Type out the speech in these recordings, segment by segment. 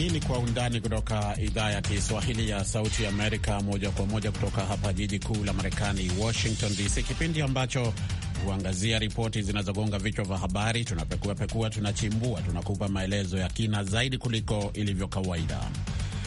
Hii ni Kwa Undani kutoka idhaa ya Kiswahili ya Sauti Amerika, moja kwa moja kutoka hapa jiji kuu la Marekani, Washington DC, kipindi ambacho huangazia ripoti zinazogonga vichwa vya habari. Tunapekua pekua, tunachimbua, tunakupa maelezo ya kina zaidi kuliko ilivyo kawaida.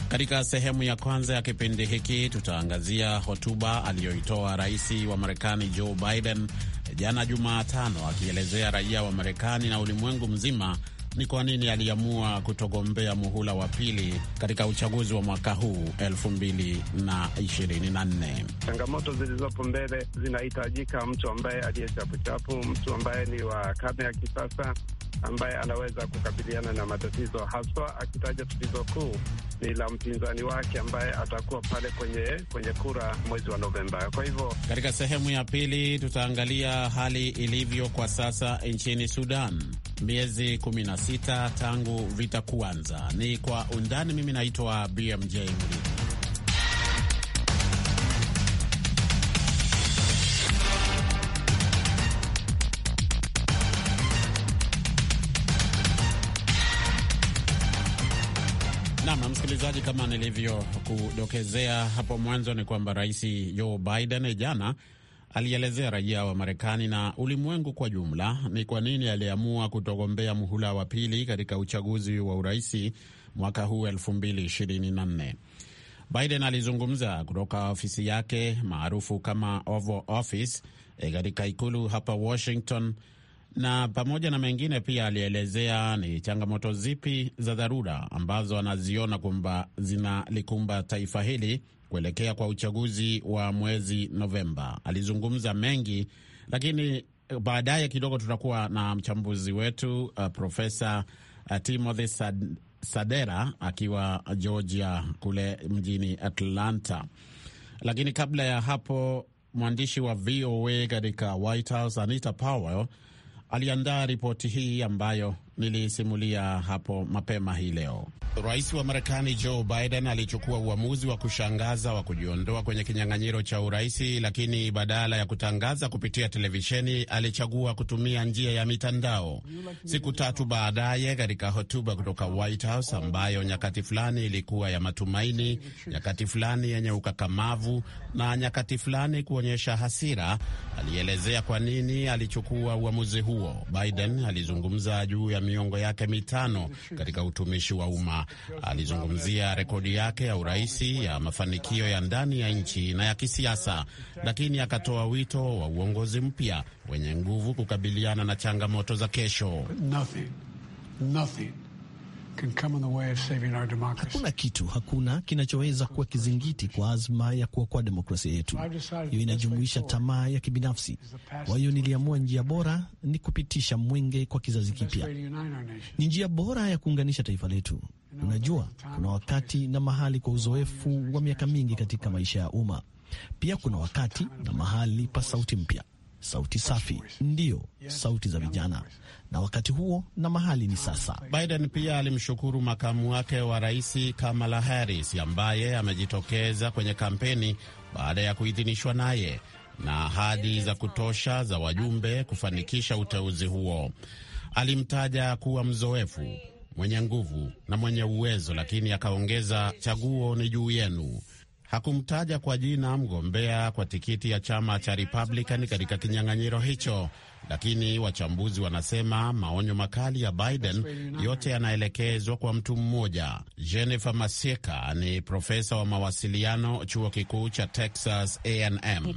Katika sehemu ya kwanza ya kipindi hiki tutaangazia hotuba aliyoitoa rais wa Marekani Joe Biden jana Jumatano, akielezea raia wa Marekani na ulimwengu mzima ni kwa nini aliamua kutogombea muhula wa pili katika uchaguzi wa mwaka huu 224 Changamoto zilizopo mbele zinahitajika mtu ambaye aliye chapuchapu mtu ambaye ni wa karne ya kisasa ambaye anaweza kukabiliana na matatizo haswa, akitaja tatizo kuu ni la mpinzani wake ambaye atakuwa pale kwenye, kwenye kura mwezi wa Novemba. Kwa hivyo katika sehemu ya pili tutaangalia hali ilivyo kwa sasa nchini Sudan miezi 16 tangu vita kuanza. Ni kwa undani. Mimi naitwa BMJ Mridi. Nam msikilizaji, kama nilivyokudokezea hapo mwanzo, ni kwamba Rais Joe Biden jana alielezea raia wa Marekani na ulimwengu kwa jumla ni kwa nini aliamua kutogombea muhula wa pili katika uchaguzi wa uraisi mwaka huu 2024. Biden alizungumza kutoka ofisi yake maarufu kama Oval Office eh, katika ikulu hapa Washington na pamoja na mengine pia alielezea ni changamoto zipi za dharura ambazo anaziona kwamba zinalikumba taifa hili kuelekea kwa uchaguzi wa mwezi Novemba. Alizungumza mengi, lakini eh, baadaye kidogo tutakuwa na mchambuzi wetu uh, Profesa uh, Timothy Sad Sadera akiwa Georgia kule mjini Atlanta. Lakini kabla ya hapo, mwandishi wa VOA katika White House Anita Powell aliandaa ripoti hii ambayo nilisimulia hapo mapema hii leo. Rais wa Marekani Joe Biden alichukua uamuzi wa kushangaza wa kujiondoa kwenye kinyang'anyiro cha uraisi, lakini badala ya kutangaza kupitia televisheni alichagua kutumia njia ya mitandao. Siku tatu baadaye, katika hotuba kutoka White House ambayo nyakati fulani ilikuwa ya matumaini, nyakati fulani yenye ukakamavu na nyakati fulani kuonyesha hasira, alielezea kwa nini alichukua uamuzi huo. Biden alizungumza juu ya miongo yake mitano katika utumishi wa umma. Alizungumzia rekodi yake ya uraisi ya mafanikio ya ndani ya nchi na ya kisiasa, lakini akatoa wito wa uongozi mpya wenye nguvu kukabiliana na changamoto za kesho. Nothing. Nothing. Hakuna kitu, hakuna kinachoweza kuwa kizingiti kwa azma ya kuokoa demokrasia yetu. Hiyo inajumuisha tamaa ya kibinafsi. Kwa hiyo niliamua njia bora ni kupitisha mwenge kwa kizazi kipya, ni njia bora ya kuunganisha taifa letu. Unajua, kuna wakati na mahali kwa uzoefu wa miaka mingi katika maisha ya umma, pia kuna wakati na mahali pa sauti mpya sauti safi ndiyo sauti za vijana, na wakati huo na mahali ni sasa. Biden pia alimshukuru makamu wake wa rais Kamala Harris ambaye amejitokeza kwenye kampeni baada ya kuidhinishwa naye na ahadi za kutosha za wajumbe kufanikisha uteuzi huo. Alimtaja kuwa mzoefu, mwenye nguvu na mwenye uwezo, lakini akaongeza, chaguo ni juu yenu hakumtaja kwa jina mgombea kwa tikiti ya chama cha Republican katika kinyang'anyiro hicho, lakini wachambuzi wanasema maonyo makali ya Biden yote yanaelekezwa kwa mtu mmoja. Jennifer Masieka ni profesa wa mawasiliano chuo kikuu cha Texas A&M.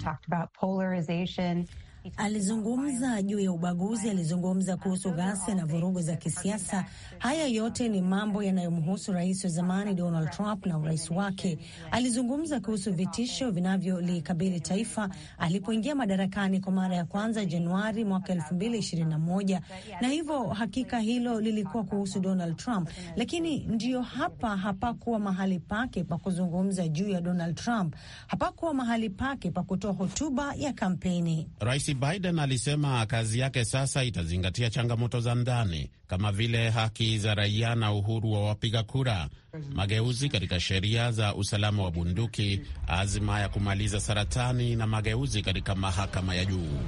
Alizungumza juu ya ubaguzi, alizungumza kuhusu ghasia na vurugu za kisiasa. Haya yote ni mambo yanayomhusu rais wa zamani Donald Trump na urais wake. Alizungumza kuhusu vitisho vinavyolikabili taifa alipoingia madarakani kwa mara ya kwanza Januari mwaka 2021, na hivyo hakika hilo lilikuwa kuhusu Donald Trump, lakini ndiyo hapa hapakuwa mahali pake pa kuzungumza juu ya Donald Trump, hapakuwa mahali pake pa kutoa hotuba ya kampeni. Rais Biden alisema kazi yake sasa itazingatia changamoto za ndani kama vile haki za raia na uhuru wa wapiga kura, mageuzi katika sheria za usalama wa bunduki, azima ya kumaliza saratani na mageuzi katika mahakama ya juu.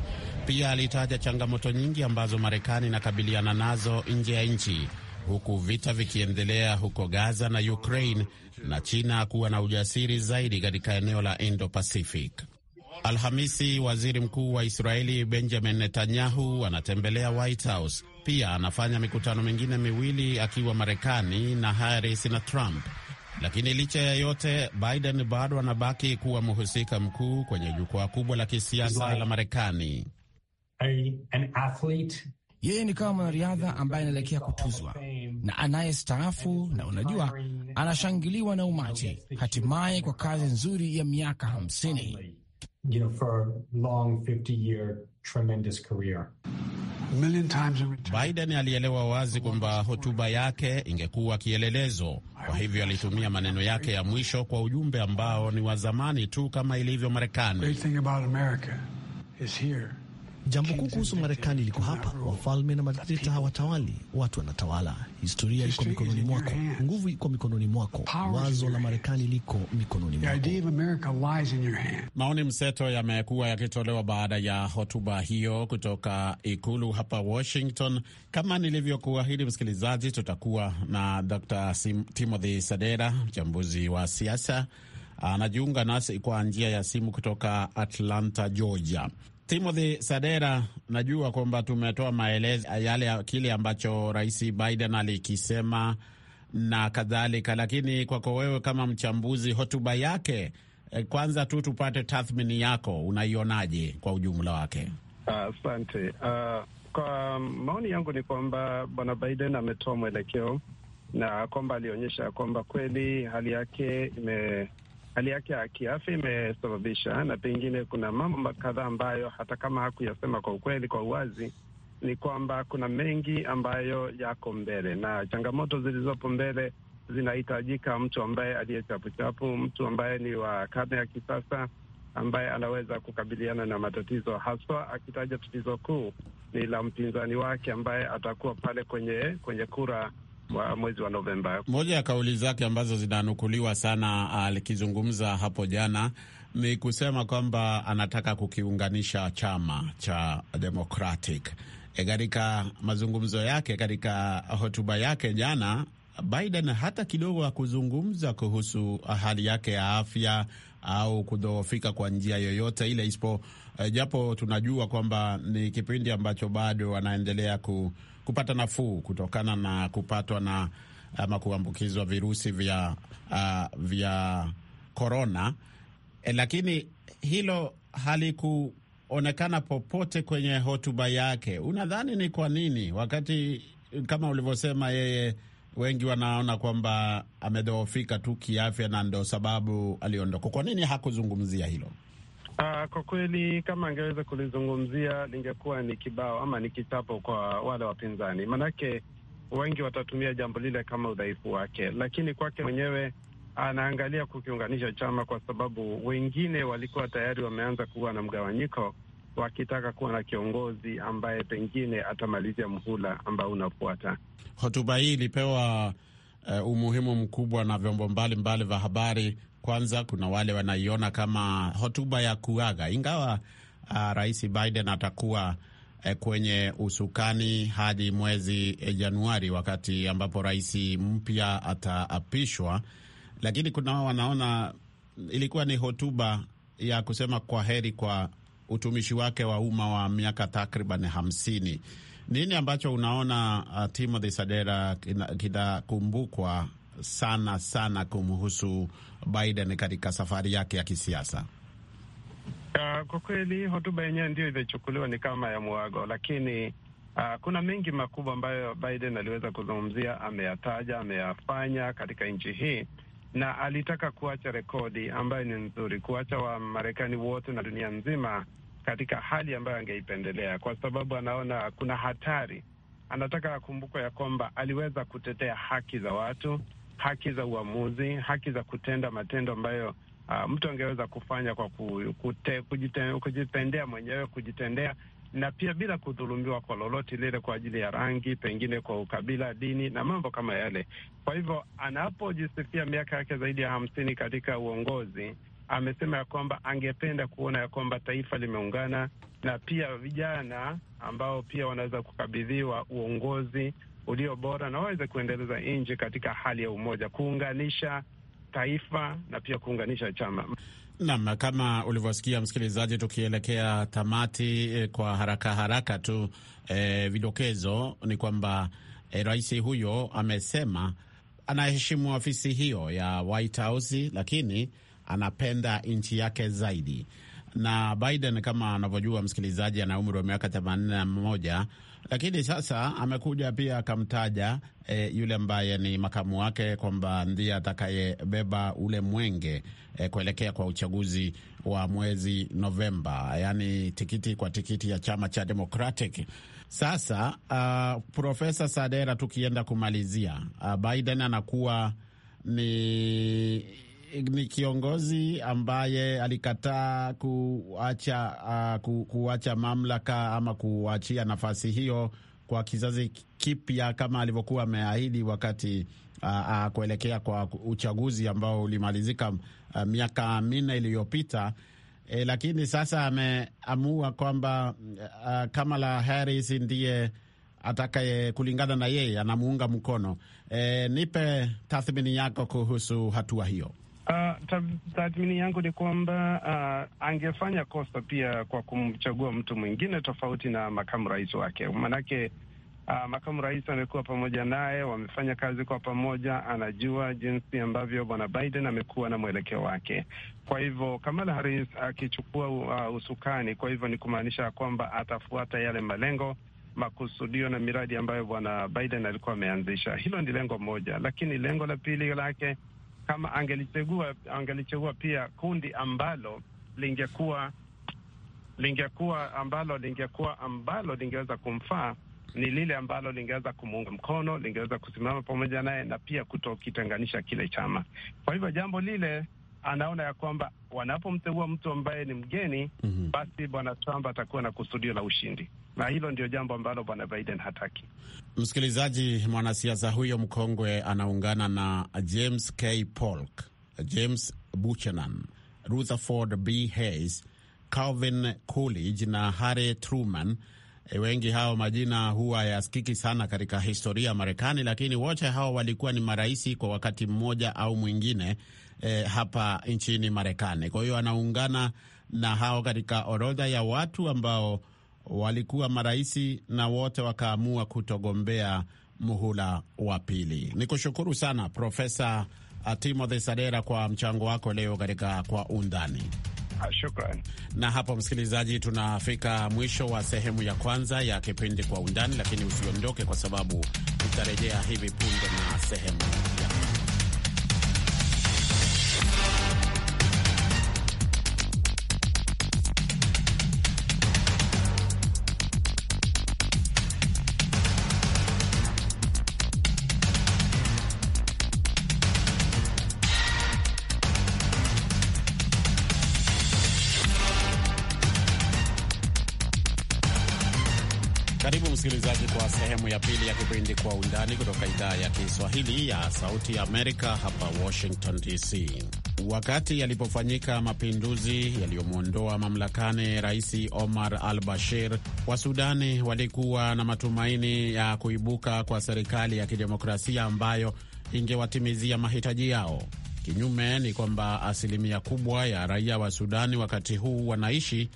Pia alitaja changamoto nyingi ambazo Marekani inakabiliana nazo nje ya nchi huku vita vikiendelea huko Gaza na Ukraine na China kuwa na ujasiri zaidi katika eneo la Indo-Pacific. Alhamisi waziri mkuu wa Israeli Benjamin Netanyahu anatembelea White House. Pia anafanya mikutano mingine miwili akiwa Marekani na Harris na Trump. Lakini licha ya yote, Biden bado anabaki kuwa mhusika mkuu kwenye jukwaa kubwa la kisiasa la Marekani. Yeye ni kama mwanariadha ambaye anaelekea kutuzwa na anayestaafu, na unajua, anashangiliwa na umati, hatimaye kwa kazi nzuri ya miaka hamsini you know, for a long 50-year tremendous career. Biden alielewa wazi kwamba hotuba yake ingekuwa kielelezo, kwa hivyo alitumia maneno yake ya mwisho kwa ujumbe ambao ni wa zamani tu kama ilivyo Marekani. Jambo kuu kuhusu Marekani liko hapa, wafalme na madikteta hawatawali, watu wanatawala. Historia iko mikononi mwako, nguvu iko mikononi mwako, wazo la Marekani liko mikononi mwako. Maoni mseto yamekuwa yakitolewa baada ya hotuba hiyo kutoka ikulu hapa Washington. Kama nilivyokuahidi, msikilizaji, tutakuwa na Dr. Timothy Sadera, mchambuzi wa siasa, anajiunga nasi kwa njia ya simu kutoka Atlanta, Georgia. Timothy Sadera, najua kwamba tumetoa maelezo yale kile ambacho Rais Biden alikisema na kadhalika, lakini kwako wewe kama mchambuzi, hotuba yake eh, kwanza tu tupate tathmini yako, unaionaje kwa ujumla wake? Asante. Uh, uh, kwa maoni yangu ni kwamba bwana Biden ametoa mwelekeo na kwamba alionyesha kwamba kweli hali yake ime hali yake ya kiafya imesababisha, na pengine kuna mambo kadhaa ambayo hata kama hakuyasema kwa ukweli, kwa uwazi, ni kwamba kuna mengi ambayo yako mbele na changamoto zilizopo mbele zinahitajika mtu ambaye aliye chapuchapu, mtu ambaye ni wa karne ya kisasa, ambaye anaweza kukabiliana na matatizo, haswa akitaja tatizo kuu ni la mpinzani wake ambaye atakuwa pale kwenye kwenye kura mwezi wa Novemba. Moja ya kauli zake ambazo zinanukuliwa sana alikizungumza ah, hapo jana ni kusema kwamba anataka kukiunganisha chama cha Democratic. E, katika mazungumzo yake, katika hotuba yake jana, Biden hata kidogo hakuzungumza kuhusu hali yake ya afya au kudhoofika kwa njia yoyote ile isipo, eh, japo tunajua kwamba ni kipindi ambacho bado anaendelea ku kupata nafuu kutokana na kupatwa na ama kuambukizwa virusi vya, uh, vya korona e, eh, lakini hilo halikuonekana popote kwenye hotuba yake. Unadhani ni kwa nini, wakati kama ulivyosema yeye wengi wanaona kwamba amedhoofika tu kiafya na ndo sababu aliondoka. Kwa nini hakuzungumzia hilo? Uh, kwa kweli kama angeweza kulizungumzia lingekuwa ni kibao ama ni kichapo kwa wale wapinzani, manake wengi watatumia jambo lile kama udhaifu wake, lakini kwake mwenyewe anaangalia kukiunganisha chama, kwa sababu wengine walikuwa tayari wameanza kuwa na mgawanyiko wakitaka kuwa na kiongozi ambaye pengine atamalizia mhula ambao unafuata. Hotuba hii ilipewa Eh, umuhimu mkubwa na vyombo mbalimbali vya habari. Kwanza kuna wale wanaiona kama hotuba ya kuaga, ingawa uh, Rais Biden atakuwa uh, kwenye usukani hadi mwezi eh, Januari, wakati ambapo rais mpya ataapishwa, lakini kuna wao wanaona ilikuwa ni hotuba ya kusema kwa heri kwa utumishi wake wa umma wa miaka takriban hamsini. Nini ambacho unaona uh, Timothy Sadera kinakumbukwa sana sana kumhusu Biden katika safari yake ya kisiasa? Uh, kwa kweli hotuba yenyewe ndiyo iliyochukuliwa ni kama ya mwago, lakini uh, kuna mengi makubwa ambayo Biden aliweza kuzungumzia, ameyataja, ameyafanya katika nchi hii, na alitaka kuacha rekodi ambayo ni nzuri, kuacha Wamarekani wote na dunia nzima katika hali ambayo angeipendelea, kwa sababu anaona kuna hatari. Anataka akumbukwa ya kwamba aliweza kutetea haki za watu, haki za uamuzi, haki za kutenda matendo ambayo Uh, mtu angeweza kufanya kwa kute, kujite, kujitendea mwenyewe kujitendea, na pia bila kudhulumiwa kwa lolote lile, kwa ajili ya rangi, pengine kwa ukabila, dini na mambo kama yale. Kwa hivyo anapojisifia miaka yake zaidi ya hamsini katika uongozi, amesema ya kwamba angependa kuona ya kwamba taifa limeungana na pia vijana ambao pia wanaweza kukabidhiwa uongozi ulio bora na waweze kuendeleza nchi katika hali ya umoja, kuunganisha taifa na pia kuunganisha chama. Naam, kama ulivyosikia msikilizaji, tukielekea tamati eh, kwa haraka haraka tu eh, vidokezo ni kwamba eh, rais huyo amesema anaheshimu ofisi hiyo ya White House, lakini anapenda nchi yake zaidi. Na Biden kama anavyojua msikilizaji, ana umri wa miaka themanini na mmoja lakini sasa amekuja pia akamtaja e, yule ambaye ni makamu wake kwamba ndiye atakayebeba ule mwenge e, kuelekea kwa uchaguzi wa mwezi Novemba, yaani tikiti kwa tikiti ya chama cha Democratic. Sasa uh, Profesa Sadera, tukienda kumalizia uh, Biden anakuwa ni ni kiongozi ambaye alikataa kuacha, uh, ku, kuacha mamlaka ama kuachia nafasi hiyo kwa kizazi kipya kama alivyokuwa ameahidi wakati uh, uh, kuelekea kwa uchaguzi ambao ulimalizika uh, miaka minne iliyopita. E, lakini sasa ameamua kwamba uh, Kamala Harris ndiye atakaye kulingana na yeye anamuunga mkono. E, nipe tathmini yako kuhusu hatua hiyo. Uh, tathmini yangu ni kwamba uh, angefanya kosa pia kwa kumchagua mtu mwingine tofauti na makamu rais wake, maanake uh, ah, makamu rais amekuwa pamoja naye, wamefanya kazi kwa pamoja, anajua jinsi ambavyo bwana Biden amekuwa na mwelekeo wake. Kwa hivyo Kamala Harris akichukua uh, usukani, kwa hivyo ni kumaanisha kwamba atafuata yale malengo makusudio na miradi ambayo bwana Biden alikuwa ameanzisha. Hilo ni lengo moja, lakini lengo la pili lake kama angelichagua angelichagua pia kundi ambalo lingekuwa lingekuwa ambalo lingekuwa ambalo lingeweza kumfaa ni lile ambalo lingeweza kumuunga mkono, lingeweza kusimama pamoja naye na pia kutokitenganisha kile chama. Kwa hivyo jambo lile anaona ya kwamba wanapomteua mtu ambaye ni mgeni mm -hmm. basi bwana Trump atakuwa na kusudio la ushindi, na hilo ndio jambo ambalo bwana Biden hataki. Msikilizaji, mwanasiasa huyo mkongwe anaungana na James K. Polk, James Buchanan, Rutherford B. Hayes, Calvin Coolidge na Harry Truman. E, wengi hao majina huwa yasikiki sana katika historia ya Marekani, lakini wote hao walikuwa ni maraisi kwa wakati mmoja au mwingine eh, hapa nchini Marekani. Kwa hiyo anaungana na hao katika orodha ya watu ambao walikuwa maraisi na wote wakaamua kutogombea muhula wa pili. Ni kushukuru sana Profesa Timothy Sadera kwa mchango wako leo katika Kwa Undani. Ah, shukran. Na hapo msikilizaji, tunafika mwisho wa sehemu ya kwanza ya kipindi Kwa Undani, lakini usiondoke, kwa sababu tutarejea hivi punde na sehemu msikilizaji, kwa sehemu ya pili ya kipindi Kwa Undani kutoka idhaa ya Kiswahili ya Sauti ya Amerika hapa Washington DC. Wakati yalipofanyika mapinduzi yaliyomwondoa mamlakani Rais Omar al Bashir, wa sudani walikuwa na matumaini ya kuibuka kwa serikali ya kidemokrasia ambayo ingewatimizia mahitaji yao. Kinyume ni kwamba asilimia kubwa ya raia wa Sudani wakati huu wanaishi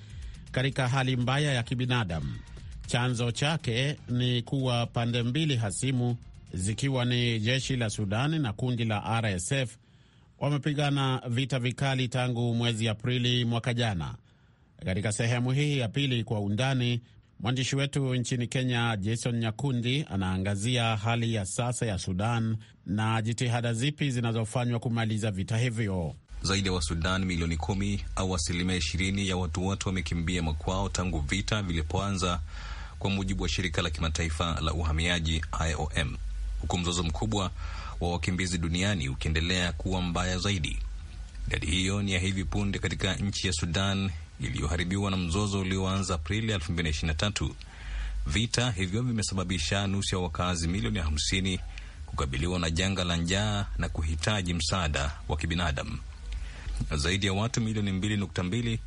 katika hali mbaya ya kibinadamu Chanzo chake ni kuwa pande mbili hasimu zikiwa ni jeshi la Sudani na kundi la RSF wamepigana vita vikali tangu mwezi Aprili mwaka jana. Katika sehemu hii ya pili kwa undani, mwandishi wetu nchini Kenya Jason Nyakundi anaangazia hali ya sasa ya Sudan na jitihada zipi zinazofanywa kumaliza vita hivyo. Zaidi ya Wasudan milioni kumi au asilimia ishirini ya watu wote wamekimbia makwao tangu vita vilipoanza kwa mujibu wa shirika la kimataifa la uhamiaji IOM, huku mzozo mkubwa wa wakimbizi duniani ukiendelea kuwa mbaya zaidi. Idadi hiyo ni ya hivi punde katika nchi ya Sudan iliyoharibiwa na mzozo ulioanza Aprili 2023. Vita hivyo vimesababisha nusu ya wakazi milioni 50 kukabiliwa na janga la njaa na kuhitaji msaada wa kibinadamu. Zaidi ya watu milioni 2.2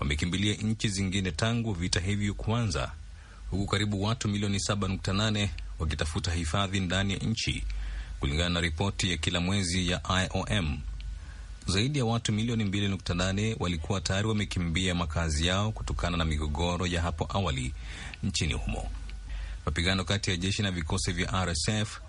wamekimbilia nchi zingine tangu vita hivyo kuanza, huku karibu watu milioni 7.8 wakitafuta hifadhi ndani ya nchi kulingana na ripoti ya kila mwezi ya IOM. Zaidi ya watu milioni 2.8 walikuwa tayari wamekimbia makazi yao kutokana na migogoro ya hapo awali nchini humo. Mapigano kati ya jeshi na vikosi vya RSF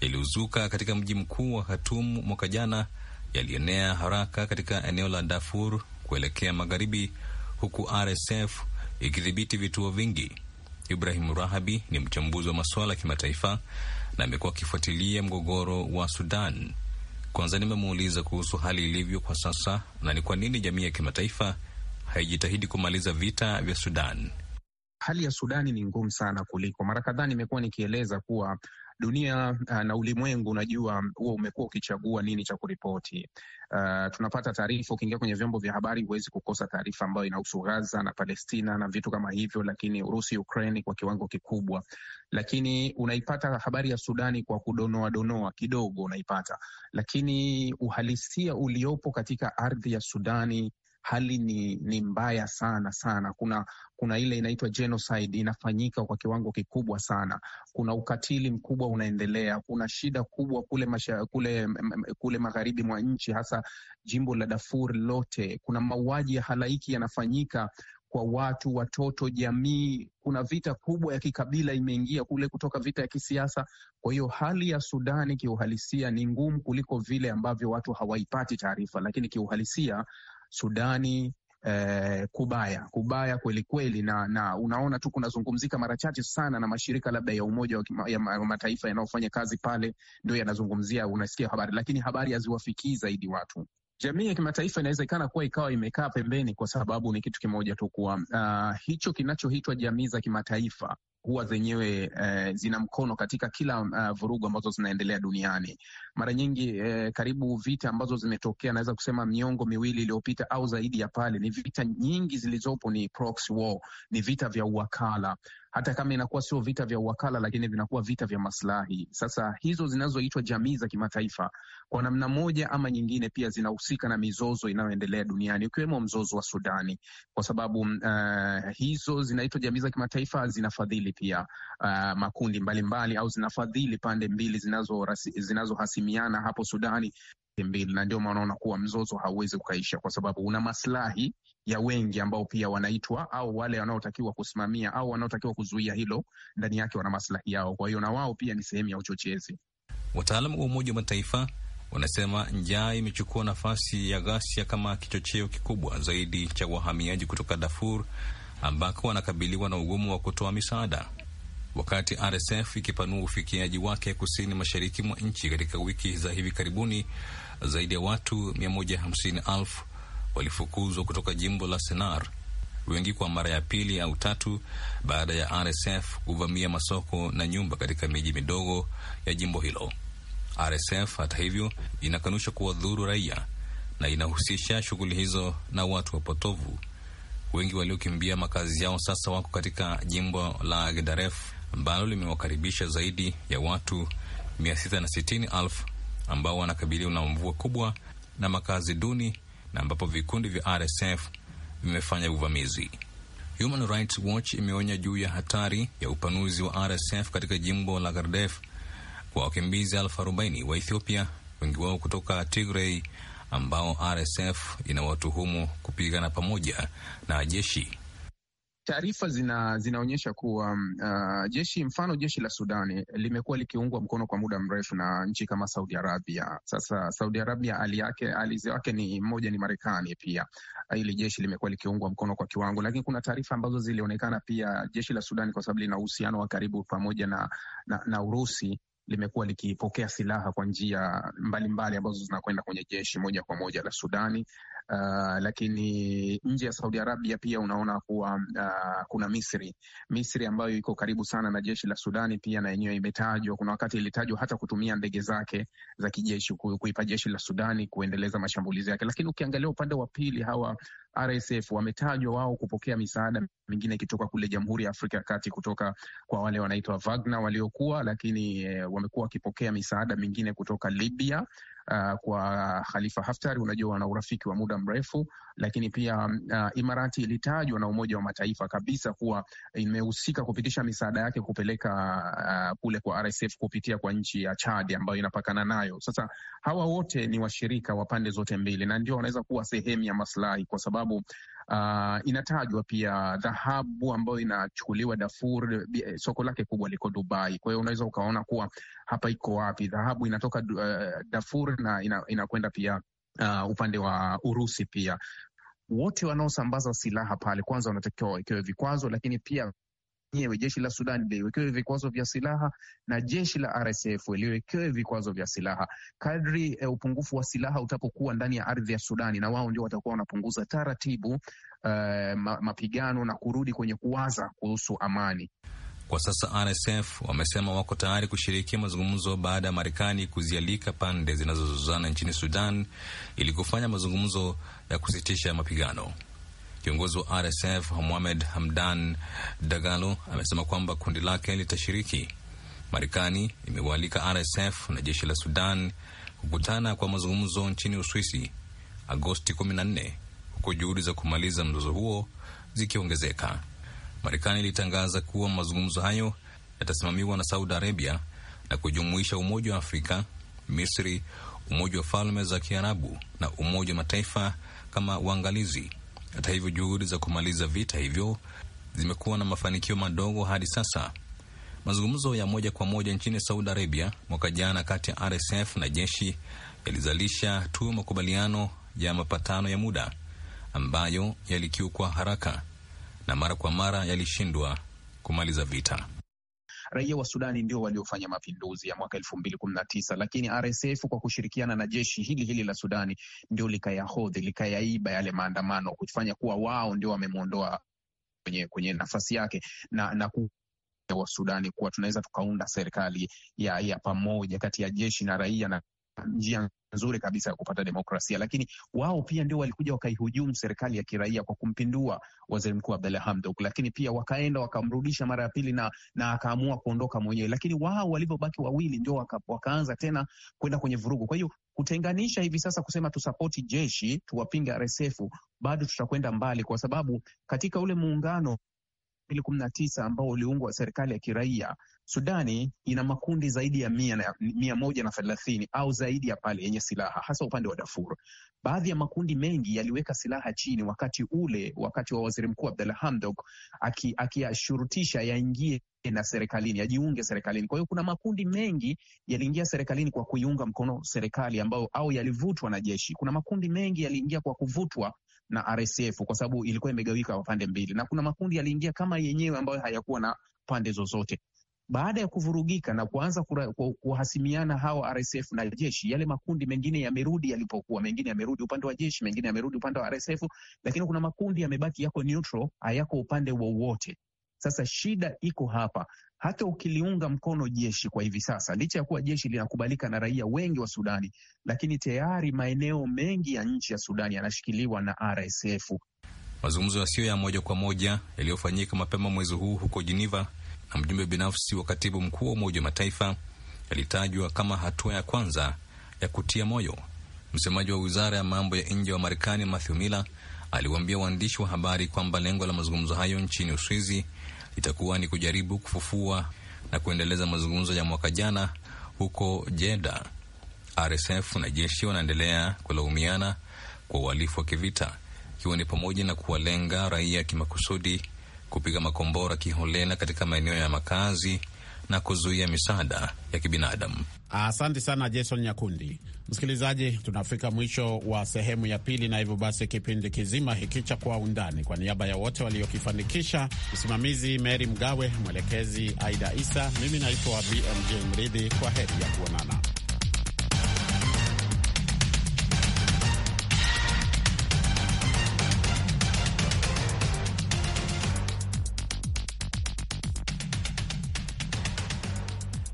yaliyozuka katika mji mkuu wa Khartoum mwaka jana yalienea haraka katika eneo la Darfur kuelekea magharibi, huku RSF ikidhibiti vituo vingi. Ibrahim Rahabi ni mchambuzi wa masuala ya kimataifa na amekuwa akifuatilia mgogoro wa Sudan. Kwanza nimemuuliza kuhusu hali ilivyo kwa sasa na ni kwa nini jamii ya kimataifa haijitahidi kumaliza vita vya Sudan. Hali ya Sudani ni ngumu sana kuliko mara kadhaa nimekuwa nikieleza kuwa dunia uh, na ulimwengu, unajua um, huo umekuwa ukichagua nini cha kuripoti. Uh, tunapata taarifa, ukiingia kwenye vyombo vya habari huwezi kukosa taarifa ambayo inahusu Gaza na Palestina na vitu kama hivyo, lakini Urusi, Ukraini kwa kiwango kikubwa, lakini unaipata habari ya Sudani kwa kudonoa donoa kidogo unaipata, lakini uhalisia uliopo katika ardhi ya Sudani hali ni, ni mbaya sana sana. Kuna kuna ile inaitwa genocide inafanyika kwa kiwango kikubwa sana. Kuna ukatili mkubwa unaendelea. Kuna shida kubwa kule masha, kule, kule magharibi mwa nchi hasa jimbo la Darfur lote. Kuna mauaji ya halaiki yanafanyika kwa watu, watoto, jamii. Kuna vita kubwa ya kikabila imeingia kule kutoka vita ya kisiasa. Kwa hiyo hali ya Sudani kiuhalisia ni ngumu kuliko vile ambavyo watu hawaipati taarifa, lakini kiuhalisia Sudani Eh, kubaya kubaya kweli kweli, na, na unaona tu kunazungumzika mara chache sana, na mashirika labda ya Umoja wa ya Mataifa yanayofanya kazi pale ndio yanazungumzia, unasikia habari, lakini habari haziwafikii zaidi watu. Jamii ya kimataifa inawezekana kuwa ikawa imekaa pembeni, kwa sababu ni kitu kimoja tu kuwa uh, hicho kinachoitwa jamii za kimataifa huwa zenyewe eh, zina mkono katika kila uh, vurugu ambazo zinaendelea duniani. Mara nyingi eh, karibu vita ambazo zimetokea naweza kusema miongo miwili iliyopita au zaidi ya pale, ni vita nyingi zilizopo ni proxy war, ni vita vya uwakala hata kama inakuwa sio vita vya uwakala lakini vinakuwa vita vya maslahi. Sasa hizo zinazoitwa jamii za kimataifa kwa namna moja ama nyingine pia zinahusika na mizozo inayoendelea duniani ukiwemo mzozo wa Sudani, kwa sababu uh, hizo zinaitwa jamii za kimataifa zinafadhili zinafadhili pia uh, makundi mbalimbali mbali, au zinafadhili pande mbili zinazohasimiana zinazo hapo Sudani mbili, na ndio maana unaona kuwa mzozo hauwezi ukaisha kwa sababu una maslahi ya wengi ambao pia wanaitwa au wale wanaotakiwa kusimamia au wanaotakiwa kuzuia hilo, ndani yake wana maslahi yao. Kwa hiyo na wao pia ni sehemu ya uchochezi. Wataalamu wa Umoja wa Mataifa wanasema njaa imechukua nafasi ya ghasia kama kichocheo kikubwa zaidi cha wahamiaji kutoka Darfur ambako wanakabiliwa na ugumu wa kutoa misaada, wakati RSF ikipanua ufikiaji wake kusini mashariki mwa nchi. Katika wiki za hivi karibuni, zaidi ya watu 150,000 walifukuzwa kutoka jimbo la Sennar, wengi kwa mara ya pili au tatu, baada ya RSF kuvamia masoko na nyumba katika miji midogo ya jimbo hilo. RSF hata hivyo inakanusha kuwadhuru raia na inahusisha shughuli hizo na watu wapotovu Wengi waliokimbia makazi yao sasa wako katika jimbo la Gedaref ambalo limewakaribisha zaidi ya watu 660,000 ambao wanakabiliwa na mvua kubwa na makazi duni na ambapo vikundi vya RSF vimefanya uvamizi. Human Rights Watch imeonya juu ya hatari ya upanuzi wa RSF katika jimbo la Gardef kwa wakimbizi elfu arobaini wa Ethiopia, wengi wao kutoka Tigray ambao RSF inawatuhumu kupigana pamoja na jeshi. Taarifa zina, zinaonyesha kuwa mm, uh, jeshi mfano jeshi la Sudani eh, limekuwa likiungwa mkono kwa muda mrefu na nchi kama Saudi Arabia. Sasa Saudi Arabia ali yake alizi wake ni mmoja ni Marekani pia. Ah, hili jeshi limekuwa likiungwa mkono kwa kiwango, lakini kuna taarifa ambazo zilionekana pia jeshi la Sudani kwa sababu lina uhusiano wa karibu pamoja na, na, na Urusi limekuwa likipokea silaha kwa njia mbalimbali ambazo zinakwenda kwenye jeshi moja kwa moja la Sudani Uh, lakini nje ya Saudi Arabia pia unaona kuwa uh, kuna Misri, Misri ambayo iko karibu sana na jeshi la Sudani, pia na yenyewe imetajwa. Kuna wakati ilitajwa hata kutumia ndege zake za kijeshi kuipa jeshi la Sudani kuendeleza mashambulizi yake, lakini ukiangalia upande wa pili hawa RSF wametajwa wao kupokea misaada mingine ikitoka kule Jamhuri ya Afrika ya Kati kutoka kwa wale wanaitwa Wagner waliokuwa, lakini e, wamekuwa wakipokea misaada mingine kutoka Libya Ah, kwa Khalifa Haftar. Unajua wana urafiki wa muda mrefu lakini pia uh, Imarati ilitajwa na Umoja wa Mataifa kabisa kuwa imehusika kupitisha misaada yake kupeleka uh, kule kwa RSF kupitia kwa nchi ya Chad ambayo inapakana nayo. Sasa hawa wote ni washirika wa pande zote mbili, na ndio wanaweza kuwa sehemu ya maslahi kwa sababu Uh, inatajwa pia dhahabu ambayo inachukuliwa Darfur, eh, soko lake kubwa liko Dubai. Kwa hiyo unaweza ukaona kuwa hapa iko wapi dhahabu inatoka uh, Darfur na inakwenda ina pia uh, upande wa Urusi pia wote wanaosambaza silaha pale kwanza wanatakiwa wawekewe vikwazo, lakini pia nyewe jeshi la Sudan liwekewe vikwazo vya silaha na jeshi la RSF liwekewe vikwazo vya silaha. Kadri e, upungufu wa silaha utapokuwa ndani ya ardhi ya Sudani, na wao ndio watakuwa wanapunguza taratibu e, mapigano na kurudi kwenye kuwaza kuhusu amani. Kwa sasa RSF wamesema wako tayari kushiriki mazungumzo baada ya Marekani kuzialika pande zinazozozana nchini Sudan ili kufanya mazungumzo ya kusitisha mapigano. Kiongozi wa RSF Mohamed Hamdan Dagalo amesema kwamba kundi lake litashiriki. Marekani imewaalika RSF na jeshi la Sudan kukutana kwa mazungumzo nchini Uswisi Agosti 14 huku juhudi za kumaliza mzozo huo zikiongezeka. Marekani ilitangaza kuwa mazungumzo hayo yatasimamiwa na Saudi Arabia na kujumuisha Umoja wa Afrika, Misri, Umoja wa Falme za Kiarabu na Umoja wa Mataifa kama uangalizi Hata hivyo, juhudi za kumaliza vita hivyo zimekuwa na mafanikio madogo hadi sasa. Mazungumzo ya moja kwa moja nchini Saudi Arabia mwaka jana kati ya RSF na jeshi yalizalisha tu makubaliano ya mapatano ya muda ambayo yalikiukwa haraka na mara kwa mara yalishindwa kumaliza vita. Raia wa Sudani ndio waliofanya mapinduzi ya mwaka elfu mbili kumi na tisa, lakini RSF kwa kushirikiana na jeshi hili hili la Sudani ndio likayahodhi likayaiba yale maandamano kufanya kuwa wao ndio wamemwondoa kwenye, kwenye nafasi yake na, na ku wa Sudani kuwa tunaweza tukaunda serikali ya, ya pamoja kati ya jeshi na raia na njia nzuri kabisa ya kupata demokrasia, lakini wao pia ndio walikuja wakaihujumu serikali ya kiraia kwa kumpindua waziri mkuu Abdalla Hamdok, lakini pia wakaenda wakamrudisha mara ya pili na, na akaamua kuondoka mwenyewe, lakini wao walivyobaki wawili ndio waka, wakaanza tena kwenda kwenye vurugu. Kwa hiyo kutenganisha hivi sasa kusema tusapoti jeshi tuwapinge RSF, bado tutakwenda mbali, kwa sababu katika ule muungano mbili kumi na tisa ambao uliungwa serikali ya kiraia Sudani ina makundi zaidi ya mia, na, mia moja na thelathini au zaidi ya pale yenye silaha hasa upande wa Darfur. Baadhi ya makundi mengi yaliweka silaha chini wakati ule, wakati wa waziri mkuu Abdalla Hamdok akiyashurutisha aki yaingie na serikalini yajiunge serikalini. Kwa hiyo kuna makundi mengi yaliingia serikalini kwa kuiunga mkono serikali ambayo au yalivutwa na jeshi. Kuna makundi mengi yaliingia kwa kuvutwa na RSF kwa sababu ilikuwa imegawika kwa pande mbili, na kuna makundi yaliingia kama yenyewe ambayo hayakuwa na pande zozote. Baada ya kuvurugika na kuanza kuhasimiana hawa RSF na jeshi, yale makundi mengine yamerudi yalipokuwa, mengine yamerudi upande wa jeshi, mengine yamerudi upande wa RSF, lakini kuna makundi yamebaki yako neutral, hayako upande wowote. Sasa shida iko hapa, hata ukiliunga mkono jeshi kwa hivi sasa, licha ya kuwa jeshi linakubalika na raia wengi wa Sudani, lakini tayari maeneo mengi ya nchi ya Sudani yanashikiliwa na RSF. Mazungumzo yasiyo ya moja kwa moja yaliyofanyika mapema mwezi huu huko Geneva na mjumbe binafsi wa katibu mkuu wa Umoja wa Mataifa yalitajwa kama hatua ya kwanza ya kutia moyo. Msemaji wa wizara ya mambo ya nje wa Marekani Matthew Miller aliwaambia waandishi wa habari kwamba lengo la mazungumzo hayo nchini Uswizi itakuwa ni kujaribu kufufua na kuendeleza mazungumzo ya mwaka jana huko Jeda. RSF na jeshi wanaendelea kulaumiana kwa uhalifu wa kivita, ikiwa ni pamoja na kuwalenga raia kimakusudi, kupiga makombora kiholela katika maeneo ya makazi na kuzuia misaada ya kibinadamu. Asante sana Jason Nyakundi. Msikilizaji, tunafika mwisho wa sehemu ya pili, na hivyo basi kipindi kizima hiki cha Kwa Undani, kwa niaba ya wote waliokifanikisha, msimamizi Meri Mgawe, mwelekezi Aida Isa, mimi naitwa BMJ Mridhi. Kwa heri ya kuonana.